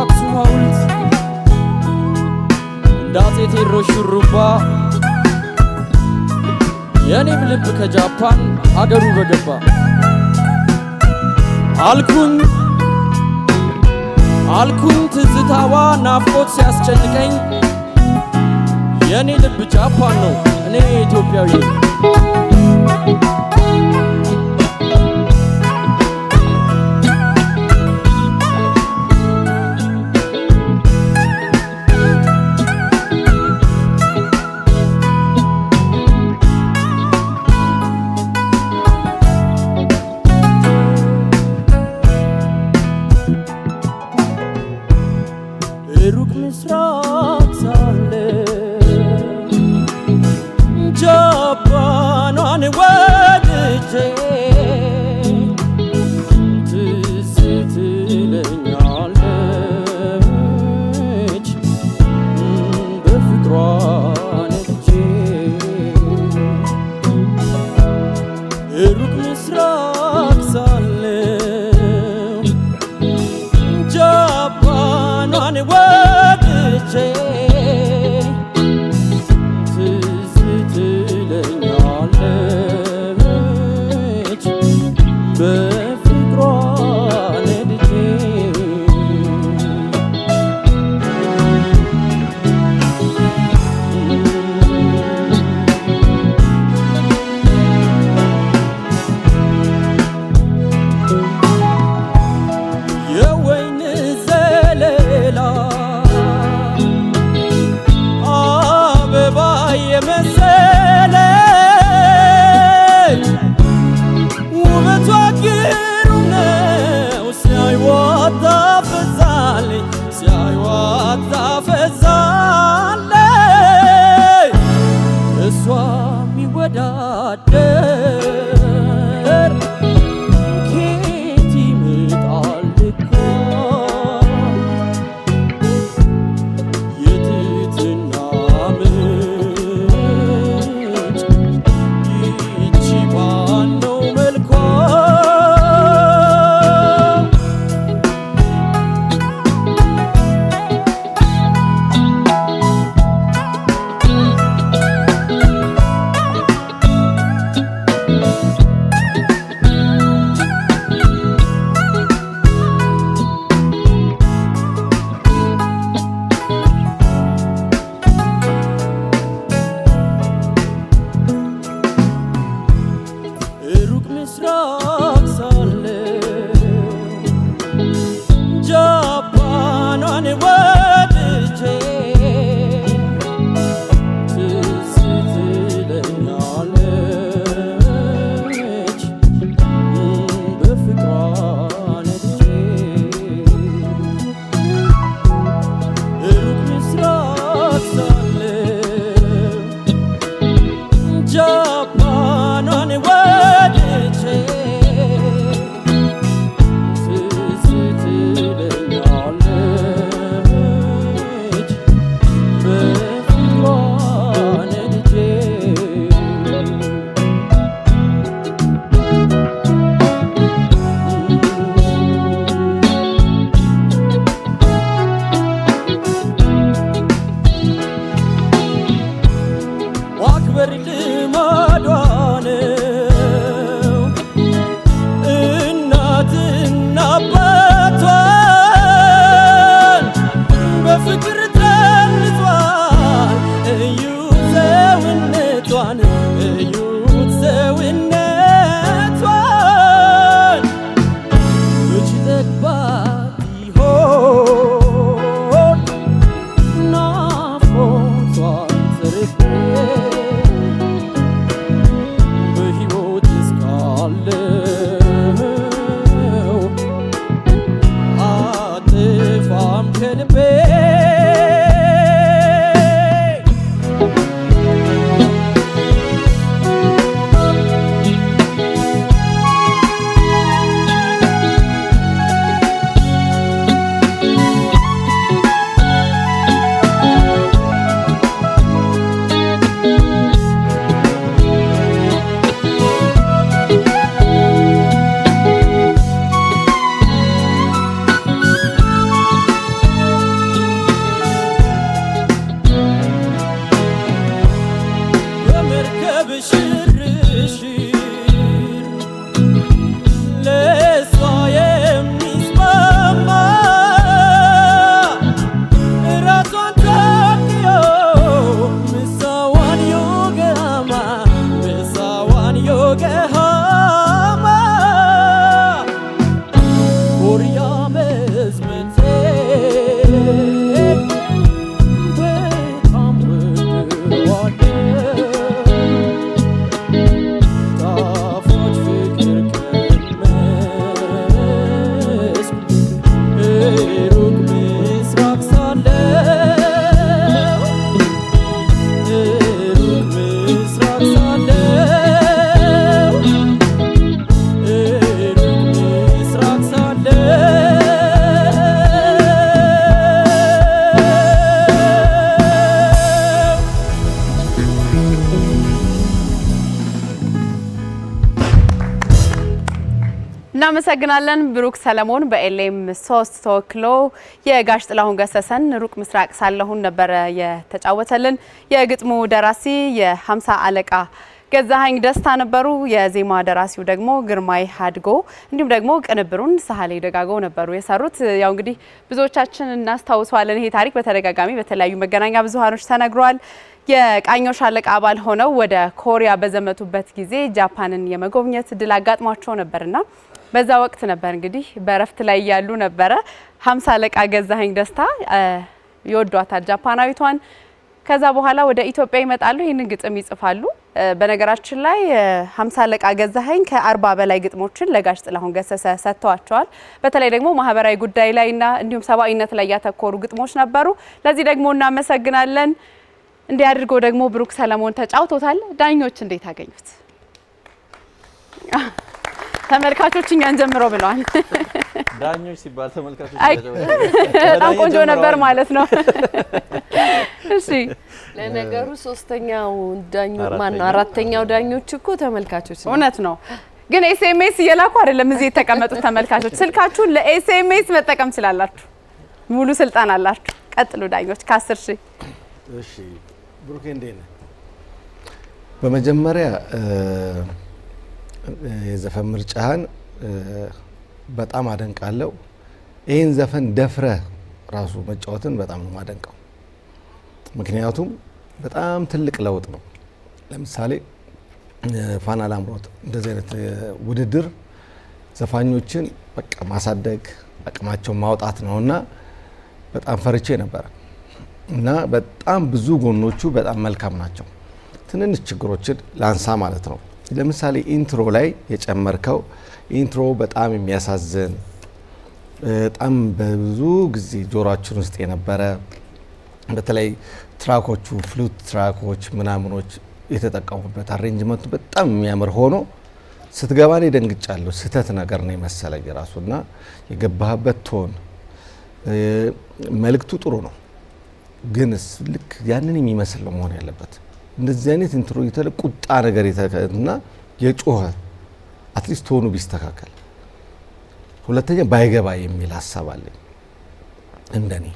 አክሱም ሐውልት እንደ አፄ ቴዎድሮስ ሹሩባ የእኔም ልብ ከጃፓን አገሩ በገባ አልኩኝ አልኩኝ ትዝታዋ ናፍቆት ሲያስጨንቀኝ የእኔ ልብ ጃፓን ነው እኔ ኢትዮጵያዊ sırıtır እናመሰግናለን ብሩክ ሰለሞን በኤልኤም ሶስት ተወክሎ የጋሽ ጥላሁን ገሰሰን ሩቅ ምስራቅ ሳለሁን ነበረ የተጫወተልን። የግጥሙ ደራሲ የሀምሳ አለቃ ገዛሀኝ ደስታ ነበሩ። የዜማ ደራሲው ደግሞ ግርማይ ሀድጎ እንዲሁም ደግሞ ቅንብሩን ሳህሌ ደጋጎ ነበሩ የሰሩት። ያው እንግዲህ ብዙዎቻችን እናስታውሰዋለን። ይሄ ታሪክ በተደጋጋሚ በተለያዩ መገናኛ ብዙሃኖች ተነግሯል። የቃኞች አለቃ አባል ሆነው ወደ ኮሪያ በዘመቱበት ጊዜ ጃፓንን የመጎብኘት እድል አጋጥሟቸው ነበርና በዛ ወቅት ነበር እንግዲህ በእረፍት ላይ ያሉ ነበረ ሀምሳ አለቃ ገዛኸኝ ደስታ ይወዷታል ጃፓናዊቷን። ከዛ በኋላ ወደ ኢትዮጵያ ይመጣሉ፣ ይህንን ግጥም ይጽፋሉ። በነገራችን ላይ ሀምሳ አለቃ ገዛኸኝ ከአርባ በላይ ግጥሞችን ለጋሽ ጥላሁን ገሰሰ ሰጥተዋቸዋል። በተለይ ደግሞ ማህበራዊ ጉዳይ ላይና እንዲሁም ሰብአዊነት ላይ ያተኮሩ ግጥሞች ነበሩ። ለዚህ ደግሞ እናመሰግናለን። እንዲህ አድርጎ ደግሞ ብሩክ ሰለሞን ተጫውቶታል። ዳኞች እንዴት አገኙት? ተመልካቾች እኛን ጀምሮ ብለዋል። ዳኞች ሲባል ተመልካቾች በጣም ቆንጆ ነበር ማለት ነው። እሺ ለነገሩ ሶስተኛው ዳኞች ማነው? አራተኛው ዳኞች እኮ ተመልካቾች እውነት ነው። ግን ኤስኤምኤስ እየላኩ አይደለም እዚህ የተቀመጡት ተመልካቾች። ስልካችሁን ለኤስኤምኤስ መጠቀም ትችላላችሁ። ሙሉ ስልጣን አላችሁ። ቀጥሉ ዳኞች ከአስር ሺህ እሺ። ብሩኬ እንዴት ነህ? በመጀመሪያ የዘፈን ምርጫህን በጣም አደንቃለሁ። ይህን ዘፈን ደፍረ ራሱ መጫወትን በጣም ነው ማደንቀው። ምክንያቱም በጣም ትልቅ ለውጥ ነው። ለምሳሌ ፋና ላምሮት እንደዚህ አይነት ውድድር ዘፋኞችን በቃ ማሳደግ አቅማቸውን ማውጣት ነው እና በጣም ፈርቼ ነበረ እና በጣም ብዙ ጎኖቹ በጣም መልካም ናቸው። ትንንሽ ችግሮችን ላንሳ ማለት ነው። ለምሳሌ ኢንትሮ ላይ የጨመርከው ኢንትሮ በጣም የሚያሳዝን በጣም በብዙ ጊዜ ጆሮችን ውስጥ የነበረ በተለይ ትራኮቹ ፍሉት ትራኮች ምናምኖች የተጠቀሙበት አሬንጅመንቱ በጣም የሚያምር ሆኖ ስትገባ ላይ ደንግጫለሁ። ስህተት ነገር ነው የመሰለኝ ራሱና የገባህበት ቶን መልእክቱ ጥሩ ነው፣ ግንስ ልክ ያንን የሚመስል ነው መሆን ያለበት። እንደዚህ አይነት እንትሮ የተለ ቁጣ ነገር እና የጮኸ አትሊስት ሆኑ ቢስተካከል፣ ሁለተኛ ባይገባ የሚል ሀሳብ አለኝ እንደኔ።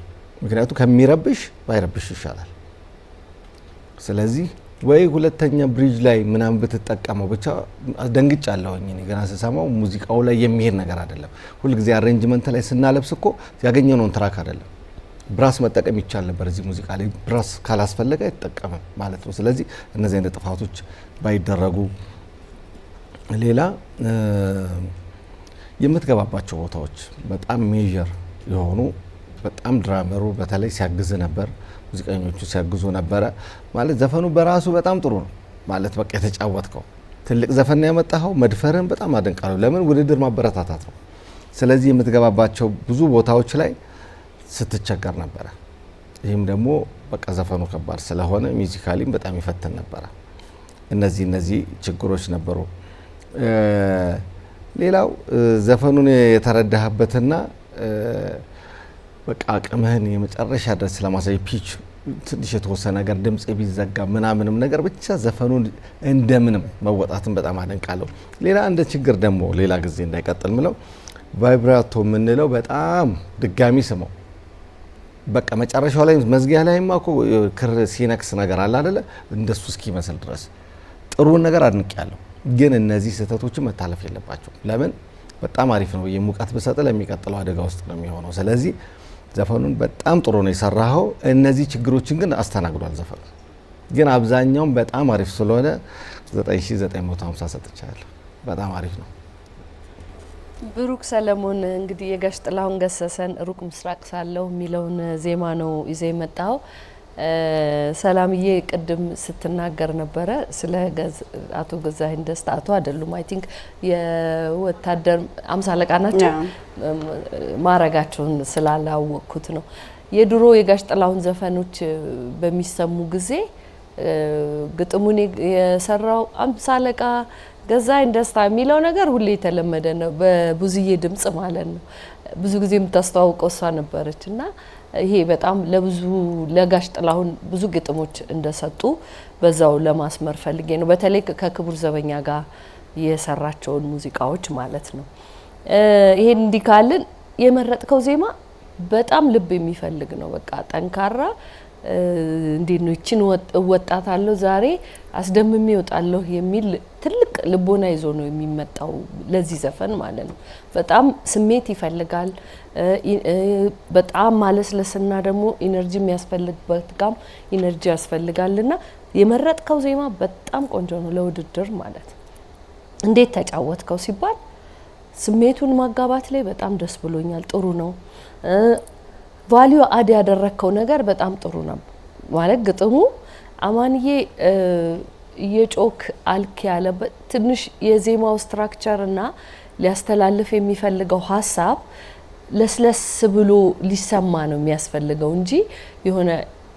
ምክንያቱም ከሚረብሽ ባይረብሽ ይሻላል። ስለዚህ ወይ ሁለተኛ ብሪጅ ላይ ምናምን ብትጠቀመው ብቻ ደንግጭ እኔ ገና ስሰማው። ሙዚቃው ላይ የሚሄድ ነገር አይደለም። ሁልጊዜ አሬንጅመንት ላይ ስናለብስ እኮ ያገኘነውን ትራክ አይደለም ብራስ መጠቀም ይቻል ነበር። እዚህ ሙዚቃ ላይ ብራስ ካላስፈለገ አይጠቀምም ማለት ነው። ስለዚህ እነዚህ አይነት ጥፋቶች ባይደረጉ፣ ሌላ የምትገባባቸው ቦታዎች በጣም ሜዥር የሆኑ በጣም ድራመሩ በተለይ ሲያግዝ ነበር፣ ሙዚቀኞቹ ሲያግዙ ነበረ ማለት ዘፈኑ በራሱ በጣም ጥሩ ነው ማለት በቃ የተጫወትከው ትልቅ ዘፈን ያመጣኸው መድፈርን በጣም አደንቃለሁ። ለምን ውድድር ማበረታታት ነው። ስለዚህ የምትገባባቸው ብዙ ቦታዎች ላይ ስትቸገር ነበረ። ይህም ደግሞ በቃ ዘፈኑ ከባድ ስለሆነ ሚዚካሊም በጣም ይፈትን ነበረ። እነዚህ እነዚህ ችግሮች ነበሩ። ሌላው ዘፈኑን የተረዳህበትና በቃ አቅምህን የመጨረሻ ድረስ ለማሳይ ፒች ትንሽ የተወሰነ ነገር ድምጽ ቢዘጋ ምናምንም ነገር ብቻ ዘፈኑን እንደምንም መወጣትን በጣም አደንቃለሁ። ሌላ እንደ ችግር ደግሞ ሌላ ጊዜ እንዳይቀጥል ምለው ቫይብራቶ የምንለው በጣም ድጋሚ ስመው በቃ መጨረሻው ላይ መዝጊያ ላይማ እኮ ክር ሲነክስ ነገር አለ አደለ? እንደሱ እስኪመስል ድረስ ጥሩ ነገር አድንቅ ያለው ግን እነዚህ ስህተቶችን መታለፍ የለባቸው። ለምን በጣም አሪፍ ነው ብዬ ሙቀት ብሰጥ ለሚቀጥለው አደጋ ውስጥ ነው የሚሆነው። ስለዚህ ዘፈኑን በጣም ጥሩ ነው የሰራኸው። እነዚህ ችግሮችን ግን አስተናግዷል ዘፈኑ። ግን አብዛኛውም በጣም አሪፍ ስለሆነ 9950 ሰጥቻለሁ። በጣም አሪፍ ነው። ብሩክ ሰለሞን እንግዲህ የጋሽ ጥላሁን ገሰሰን ሩቅ ምስራቅ ሳለው የሚለውን ዜማ ነው ይዘ የመጣው። ሰላምዬ ቅድም ስትናገር ነበረ ስለ አቶ ገዛኸኝ ደስታ። አቶ አይደሉም፣ አይ ቲንክ የወታደር አምሳ አለቃ ናቸው። ማዕረጋቸውን ስላላወቅኩት ነው። የድሮ የጋሽ ጥላሁን ዘፈኖች በሚሰሙ ጊዜ ግጥሙን የሰራው አምሳ አለቃ ገዛኸኝ ደስታ የሚለው ነገር ሁሌ የተለመደ ነው። በብዙዬ ድምጽ ማለት ነው። ብዙ ጊዜ የምታስተዋውቀው እሷ ነበረች እና ይሄ በጣም ለብዙ ለጋሽ ጥላሁን ብዙ ግጥሞች እንደሰጡ በዛው ለማስመር ፈልጌ ነው። በተለይ ከክቡር ዘበኛ ጋር የሰራቸውን ሙዚቃዎች ማለት ነው። ይሄን እንዲህ ካልን የመረጥከው ዜማ በጣም ልብ የሚፈልግ ነው። በቃ ጠንካራ እንዴት ነው ይችን እወጣታለሁ ዛሬ አስደምሜ እወጣለሁ የሚል ትልቅ ልቦና ይዞ ነው የሚመጣው ለዚህ ዘፈን ማለት ነው። በጣም ስሜት ይፈልጋል። በጣም ማለስለስና ደግሞ ኢነርጂ የሚያስፈልግበት ጋም ኢነርጂ ያስፈልጋልና የመረጥከው ዜማ በጣም ቆንጆ ነው ለውድድር ማለት እንዴት ተጫወትከው ሲባል ስሜቱን ማጋባት ላይ በጣም ደስ ብሎኛል፣ ጥሩ ነው ቫሊዩ አድ ያደረግከው ነገር በጣም ጥሩ ነው ማለት ግጥሙ አማንዬ የጮክ አልክ ያለበት ትንሽ የዜማው ስትራክቸር እና ሊያስተላልፍ የሚፈልገው ሀሳብ ለስለስ ብሎ ሊሰማ ነው የሚያስፈልገው እንጂ የሆነ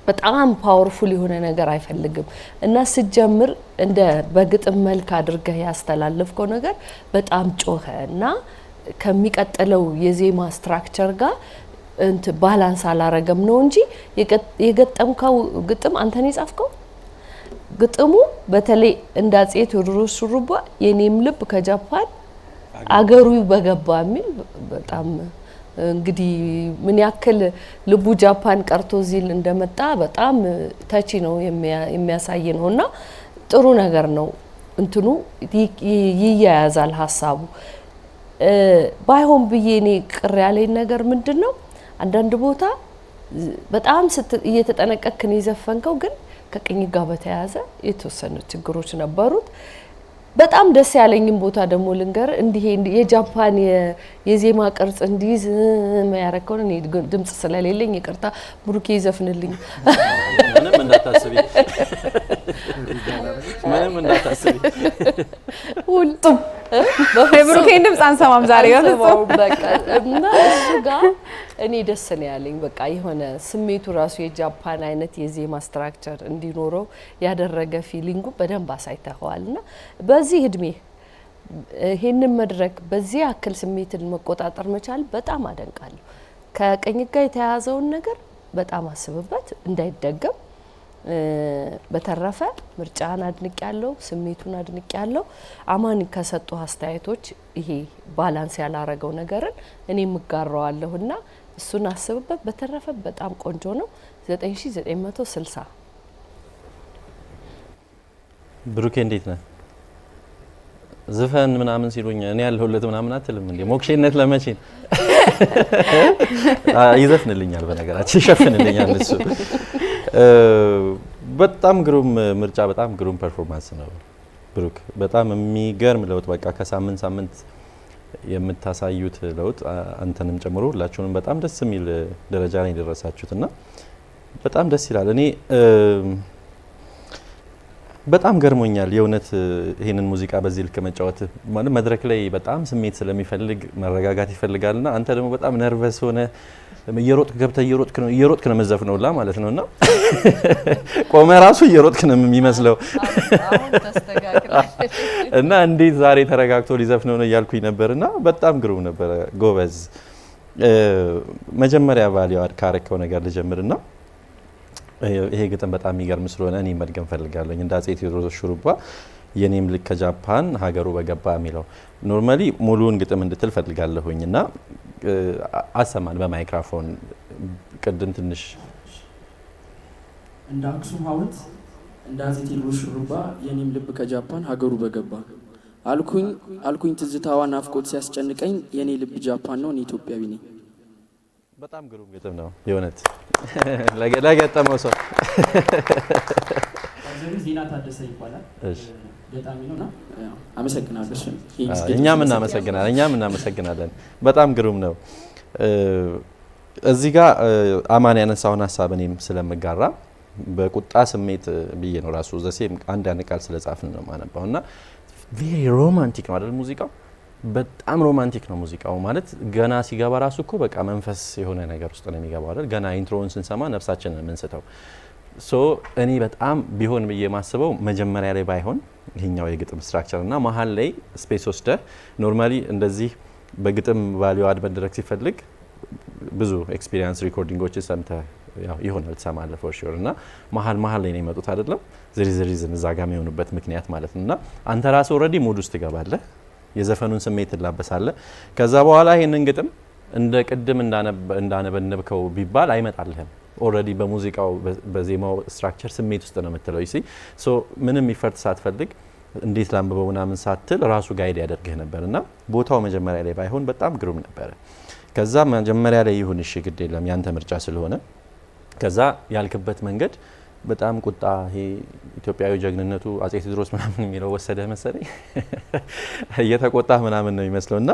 በጣም ፓወርፉል የሆነ ነገር አይፈልግም እና ስጀምር እንደ በግጥም መልክ አድርገህ ያስተላለፍከው ነገር በጣም ጮኸ እና ከሚቀጥለው የዜማ ስትራክቸር ጋር ባላንስ አላረገም ነው እንጂ የገጠምከው ግጥም አንተን የጻፍከው ግጥሙ በተለይ እንደ አጼ ቴዎድሮስ ሹሩባ የኔም ልብ ከጃፓን አገሩ በገባ የሚል በጣም እንግዲህ ምን ያክል ልቡ ጃፓን ቀርቶ ዚል እንደመጣ በጣም ተቺ ነው የሚያሳይ ነው። እና ጥሩ ነገር ነው እንትኑ ይያያዛል ሀሳቡ። ባይሆን ብዬ እኔ ቅር ያለኝ ነገር ምንድን ነው አንዳንድ ቦታ በጣም እየተጠነቀክን የዘፈንከው፣ ግን ከቅኝ ጋር በተያያዘ የተወሰኑ ችግሮች ነበሩት። በጣም ደስ ያለኝም ቦታ ደግሞ ልንገር፣ እንዲህ የጃፓን የዜማ ቅርጽ እንዲይዝ ያረከውን እኔ ድምጽ ስለሌለኝ ይቅርታ፣ ብሩኬ ይዘፍንልኝ። ምንም እንዳታስቢ፣ ምንም እንዳታስቢ። ሁልጡም የብሩኬን ድምጽ አንሰማም ዛሬ በቃ እና እሱ ጋር እኔ ደስ ነው ያለኝ። በቃ የሆነ ስሜቱ ራሱ የጃፓን አይነት የዜማ ስትራክቸር እንዲኖረው ያደረገ ፊሊንጉ በደንብ አሳይተኸዋል። እና በዚህ እድሜ ይህንን መድረክ በዚህ ያክል ስሜትን መቆጣጠር መቻል በጣም አደንቃለሁ። ከቀኝ ጋር የተያያዘውን ነገር በጣም አስብበት እንዳይደገም። በተረፈ ምርጫን አድንቅ ያለው ስሜቱን አድንቅ ያለው አማን ከሰጡ አስተያየቶች ይሄ ባላንስ ያላረገው ነገርን እኔ ና እሱን አስብበት። በተረፈ በጣም ቆንጆ ነው። 9960 ብሩኬ እንዴት ነህ? ዝፈን ምናምን ሲሉኝ እኔ ያለሁለት ምናምን አትልም እንዴ? ሞክሼነት ለመቼ ይዘፍንልኛል። በነገራችን ይሸፍንልኛል እሱ። በጣም ግሩም ምርጫ፣ በጣም ግሩም ፐርፎርማንስ ነው ብሩክ። በጣም የሚገርም ለውጥ በቃ ከሳምንት ሳምንት የምታሳዩት ለውጥ አንተንም ጨምሮ ሁላችሁንም በጣም ደስ የሚል ደረጃ ላይ የደረሳችሁት እና በጣም ደስ ይላል እኔ በጣም ገርሞኛል የእውነት ይህንን ሙዚቃ በዚህ ልክ መጫወት ማለት መድረክ ላይ በጣም ስሜት ስለሚፈልግ መረጋጋት ይፈልጋል ና አንተ ደግሞ በጣም ነርቨስ ሆነ እየሮጥክ ገብተህ እየሮጥክ ነው እየሮጥክ ነው መዘፍ ነውላ ማለት ነውና ቆመ ራሱ እየሮጥክ ነው የሚመስለው እና እንዴት ዛሬ ተረጋግቶ ሊዘፍ ነው እያልኩኝ ነበር ነበርና በጣም ግሩም ነበረ። ጎበዝ። መጀመሪያ ባል ካረከው ነገር ልጀምርና ይሄ ግጥም በጣም የሚገርም ስለሆነ እኔ መድገም ፈልጋለኝ። እንደ አጼ ቴዎድሮስ ሹሩባ የኔም ልክ ከጃፓን ሀገሩ በገባ የሚለው ኖርማሊ ሙሉውን ግጥም እንድትል ፈልጋለሁኝ እና አሰማን በማይክራፎን ቅድም ትንሽ እንደ አክሱም ሐውልት እንደ አጼ ቴዎድሮስ ሹሩባ የኔም ልብ ከጃፓን ሀገሩ በገባ አልኩኝ አልኩኝ ትዝታዋ ናፍቆት ሲያስጨንቀኝ የኔ ልብ ጃፓን ነው፣ እኔ ኢትዮጵያዊ ነኝ። በጣም ግሩም ግጥም ነው የእውነት ለገጠመው ሰው። ዜና ታደሰ ይባላል ገጣሚ ነው አመሰግናለሁ። እኛም እናመሰግናለን፣ እኛም እናመሰግናለን። በጣም ግሩም ነው። እዚህ ጋር አማን ያነሳውን ሀሳብ እኔም ስለምጋራ በቁጣ ስሜት ብዬ ነው ራሱ ዘሴ አንዳንድ ቃል ስለጻፍን ነው ማነባው እና ቬሪ ሮማንቲክ ነው አይደል ሙዚቃው በጣም ሮማንቲክ ነው ሙዚቃው ማለት ገና ሲገባ ራሱ እኮ በቃ መንፈስ የሆነ ነገር ውስጥ ነው የሚገባው አይደል? ገና ኢንትሮውን ስንሰማ ነፍሳችን ነው የምንስተው። ሶ እኔ በጣም ቢሆን ብዬ ማስበው መጀመሪያ ላይ ባይሆን ይህኛው የግጥም ስትራክቸር እና መሀል ላይ ስፔስ ወስደ ኖርማሊ እንደዚህ በግጥም ቫሊዩ አድ መደረግ ሲፈልግ ብዙ ኤክስፒሪንስ ሪኮርዲንጎችን ሰምተ ይሆናል ትሰማለህ ፎር ሹር እና መሀል መሀል ላይ ነው የመጡት አይደለም ዝሪዝሪዝን እዛ ጋ የሚሆኑበት ምክንያት ማለት ነው እና አንተ ራስህ ኦልሬዲ ሙድ ውስጥ ትገባለህ የዘፈኑን ስሜት ትላበሳለ። ከዛ በኋላ ይህንን ግጥም እንደ ቅድም እንዳነበነብከው ቢባል አይመጣልህም። ኦልሬዲ በሙዚቃው በዜማው ስትራክቸር ስሜት ውስጥ ነው የምትለው። ይሲ ሶ ምንም ይፈርት ሳትፈልግ እንዴት ላንብበው ምናምን ሳትል ራሱ ጋይድ ያደርግህ ነበር እና ቦታው መጀመሪያ ላይ ባይሆን በጣም ግሩም ነበረ። ከዛ መጀመሪያ ላይ ይሁን እሺ፣ ግድ የለም ያንተ ምርጫ ስለሆነ ከዛ ያልክበት መንገድ በጣም ቁጣ ይሄ ኢትዮጵያዊ ጀግንነቱ አጼ ቴዎድሮስ ምናምን የሚለው ወሰደ መሰለኝ እየተቆጣ ምናምን ነው የሚመስለው። እና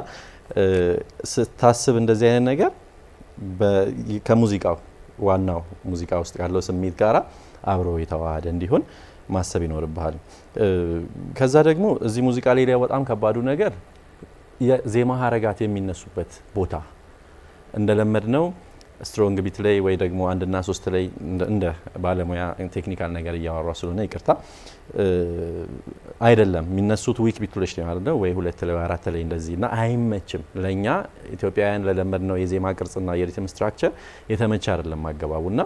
ስታስብ እንደዚህ አይነት ነገር ከሙዚቃው ዋናው ሙዚቃ ውስጥ ካለው ስሜት ጋራ አብሮ የተዋሃደ እንዲሆን ማሰብ ይኖርብሃል። ከዛ ደግሞ እዚህ ሙዚቃ ሌላ በጣም ከባዱ ነገር የዜማ ሀረጋት የሚነሱበት ቦታ እንደለመድ ነው ስትሮንግ ቢት ላይ ወይ ደግሞ አንድና ሶስት ላይ እንደ ባለሙያ ቴክኒካል ነገር እያወራ ስለሆነ ይቅርታ አይደለም የሚነሱት ዊክ ቢቶች ላይ ማለት ነው ወይ ሁለት ላይ አራት ላይ እንደዚህ እና አይመችም። ለእኛ ኢትዮጵያውያን ለለመድ ነው የዜማ ቅርጽና የሪትም ስትራክቸር የተመቸ አይደለም አገባቡ ና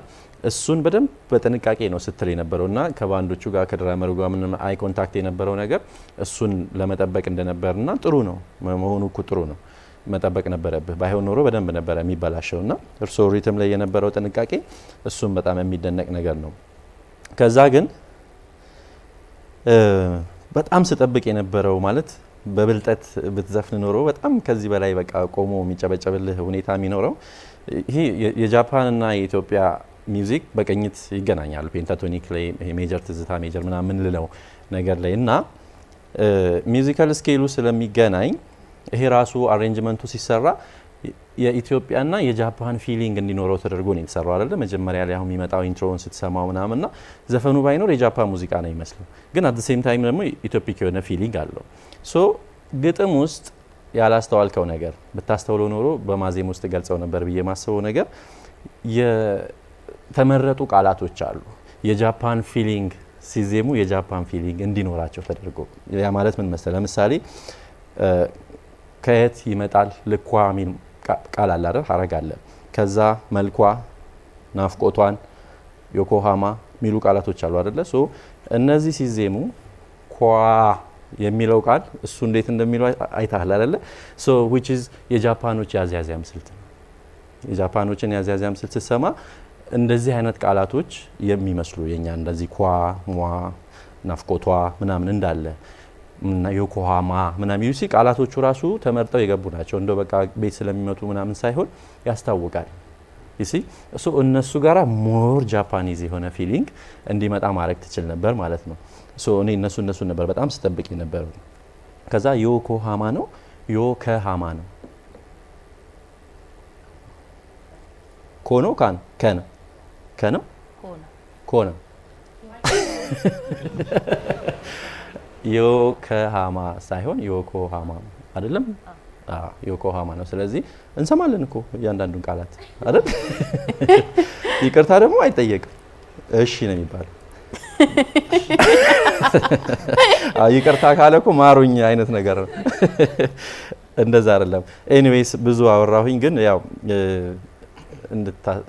እሱን በደንብ በጥንቃቄ ነው ስትል የነበረው እና ከባንዶቹ ጋር ከድራመሩ ጋር ምንም አይ ኮንታክት የነበረው ነገር እሱን ለመጠበቅ እንደነበር ና ጥሩ ነው መሆኑ እኮ ጥሩ ነው። መጠበቅ ነበረብህ። ባይሆን ኖሮ በደንብ ነበረ የሚበላሸው ና እርስዎ ሪትም ላይ የነበረው ጥንቃቄ እሱም በጣም የሚደነቅ ነገር ነው። ከዛ ግን በጣም ስጠብቅ የነበረው ማለት በብልጠት ብትዘፍን ኖሮ በጣም ከዚህ በላይ በቃ ቆሞ የሚጨበጨብልህ ሁኔታ የሚኖረው ይሄ የጃፓንና የኢትዮጵያ ሚውዚክ በቅኝት ይገናኛል። ፔንታቶኒክ ላይ ሜጀር ትዝታ ሜጀር ምናምን ልለው ነገር ላይ እና ሚውዚካል ስኬሉ ስለሚገናኝ ይሄ ራሱ አሬንጅመንቱ ሲሰራ የኢትዮጵያና የጃፓን ፊሊንግ እንዲኖረው ተደርጎ ነው የተሰራው አይደለ? መጀመሪያ ላይ አሁን የሚመጣው ኢንትሮውን ስትሰማው ና ዘፈኑ ባይኖር የጃፓን ሙዚቃ ነው ይመስለው፣ ግን አት ሴም ታይም ደግሞ ኢትዮፒክ የሆነ ፊሊንግ አለው። ሶ ግጥም ውስጥ ያላስተዋልከው ነገር ብታስተውሎ ኖሮ በማዜም ውስጥ ገልጸው ነበር ብዬ የማስበው ነገር የተመረጡ ቃላቶች አሉ። የጃፓን ፊሊንግ ሲዜሙ የጃፓን ፊሊንግ እንዲኖራቸው ተደርጎ ያ ማለት ምን መሰለ ለምሳሌ ከየት ይመጣል ልኳ ሚል ቃል አለ አይደል ሀረግ አለ። ከዛ መልኳ፣ ናፍቆቷን፣ ዮኮሃማ ሚሉ ቃላቶች አሉ አይደለ። ሶ እነዚህ ሲዜሙ ኳ የሚለው ቃል እሱ እንዴት እንደሚሉ አይታህል አይደለ። ሶ ዊች ኢዝ የጃፓኖች ያዝያዝያም ስልት ነው። የጃፓኖችን ያዝያዝያም ስልት ስትሰማ እንደዚህ አይነት ቃላቶች የሚመስሉ የኛ እንደዚህ ኳ፣ ሟ፣ ናፍቆቷ ምናምን እንዳለ ዮኮሃማ ምናም ዩሲ ቃላቶቹ ራሱ ተመርጠው የገቡ ናቸው። እንደው በቃ ቤት ስለሚመጡ ምናምን ሳይሆን ያስታውቃል። ዩሲ እሱ እነሱ ጋራ ሞር ጃፓኒዝ የሆነ ፊሊንግ እንዲመጣ ማድረግ ትችል ነበር ማለት ነው። እኔ እነሱ እነሱ ነበር በጣም ስጠብቅ የነበረው። ከዛ ዮኮሃማ ነው ዮከሃማ ነው ኮኖ ካን ከነ ከነ ኮነ ዮኮሃማ ሳይሆን ዮኮሃማ አይደለም፣ ዮኮሃማ ነው። ስለዚህ እንሰማለን እኮ እያንዳንዱን ቃላት አይደል? ይቅርታ ደግሞ አይጠየቅም። እሺ ነው የሚባለው። ይቅርታ ካለ እኮ ማሩኝ አይነት ነገር ነው። እንደዛ አይደለም። ኤኒዌይስ ብዙ አወራሁኝ፣ ግን ያው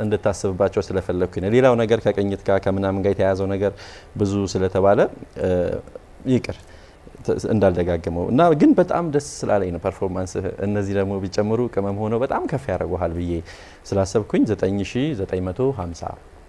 እንድታስብባቸው ስለፈለግኩኝ ሌላው ነገር ከቅኝት ጋር ከምናምን ጋር የተያያዘው ነገር ብዙ ስለተባለ ይቅር እንዳልደጋግመው እና ግን በጣም ደስ ስላለኝ ነው ፐርፎርማንስ። እነዚህ ደግሞ ቢጨምሩ ቅመም ሆነው በጣም ከፍ ያደርገዋል ብዬ ስላሰብኩኝ 9950